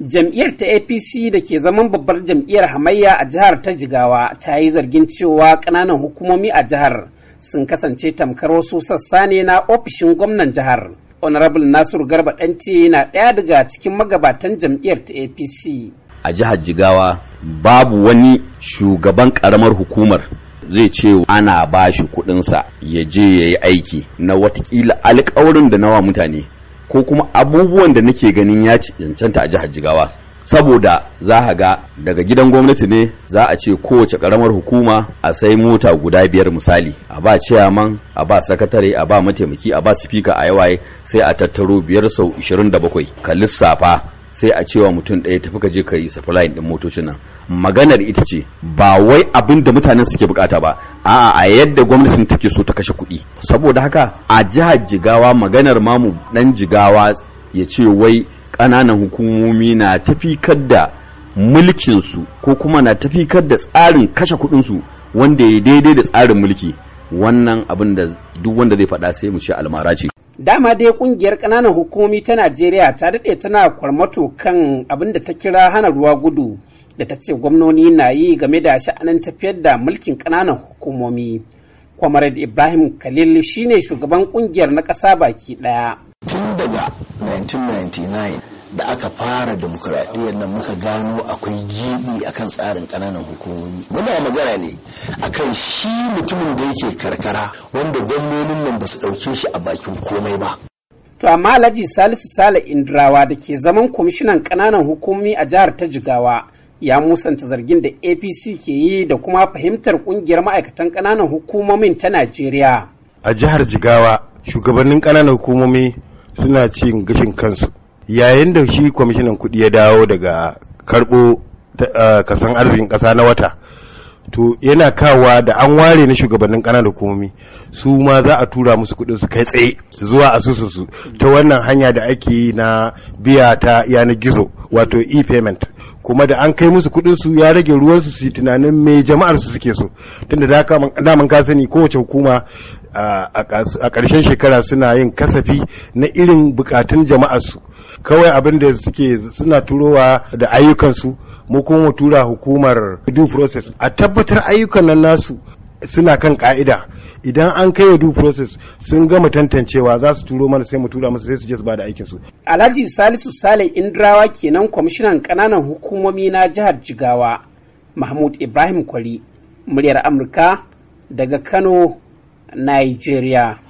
jam'iyyar ta apc da ke zaman babbar jam'iyyar hamayya a jihar ta jigawa ta yi zargin cewa ƙananan hukumomi a jihar sun kasance tamkar wasu sassa ne na ofishin gwamnan jihar honorable nasiru garba ɗanti na ɗaya daga cikin magabatan jam'iyyar ta apc a jihar jigawa babu wani shugaban ƙaramar hukumar zai ce ana ba shi kuɗinsa ya je ya yi aiki na watakila alkawarin da nawa mutane ko kuma abubuwan da nake ganin ya cancanta a jihar jigawa saboda za a ga daga gidan gwamnati ne za a ce kowace karamar hukuma a sai mota guda biyar misali a ba ciyaman a ba sakatare a ba mataimaki a ba sifika a yawaye sai a tattaro biyar sau 27 ka lissafa sai a cewa mutum ɗaya tafi ka je ka yi supply din motocin nan maganar ita ce ba wai abin da mutanen suke bukata ba a'a a yadda gwamnatin take so ta kashe kuɗi saboda haka a jihar jigawa maganar mamu dan jigawa ya ce wai ƙananan hukumomi na tafikar da mulkinsu ko kuma na tafikar da tsarin kashe kuɗinsu wanda ya daidai da tsarin mulki wannan abin da duk wanda zai faɗa sai mu ce almara ce Dama dai kungiyar ƙananan hukumomi ta Najeriya ta daɗe tana kwarmato kan abin da ta kira hana ruwa gudu da ta ce gwamnoni na yi game da sha'anin tafiyar da mulkin ƙananan hukumomi. Kwamarad Ibrahim Khalil shine shugaban kungiyar na ƙasa baki ɗaya. Tun daga 1999 da aka fara demokuraɗiyyar nan muka gano akwai gibi akan tsarin ƙananan hukumomi muna magana ne akan shi mutumin da yake karkara wanda gwamnonin nan ba su ɗauke shi a bakin komai ba to amma alhaji salisu sale indirawa da ke zaman kwamishinan ƙananan hukumomi a jihar ta jigawa ya musanta zargin da apc ke yi da kuma fahimtar ƙungiyar ma'aikatan ƙananan hukumomin ta najeriya a jihar jigawa shugabannin ƙananan hukumomi suna cin gashin kansu yayin da shi kwamishinan kuɗi ya dawo daga karɓo kasan arzikin ƙasa na wata to yana kawa da an ware na shugabannin ƙananan hukumomi su ma za a tura musu kuɗin su kai tsaye zuwa asusunsu ta wannan hanya da ake yi na biya ta yanar gizo wato e-payment kuma da an kai musu kuɗin su ya rage ruwan su su tunanin me jama'ar su suke so tunda da daman ka sani kowace hukuma a ƙarshen shekara suna yin kasafi na irin bukatun jama'ar su kawai abin da suke suna turowa da ayyukansu mu kuma tura hukumar due process a tabbatar ayyukan nan nasu suna kan ka'ida idan an kai due process sun gama tantancewa za su turo mana sai mu tura musu sai su je su bada aikin su Alhaji Salisu Sale Indrawa kenan kwamishinan kananan hukumomi na jihar Jigawa Mahmud Ibrahim Kwari muryar Amurka daga Kano Nigeria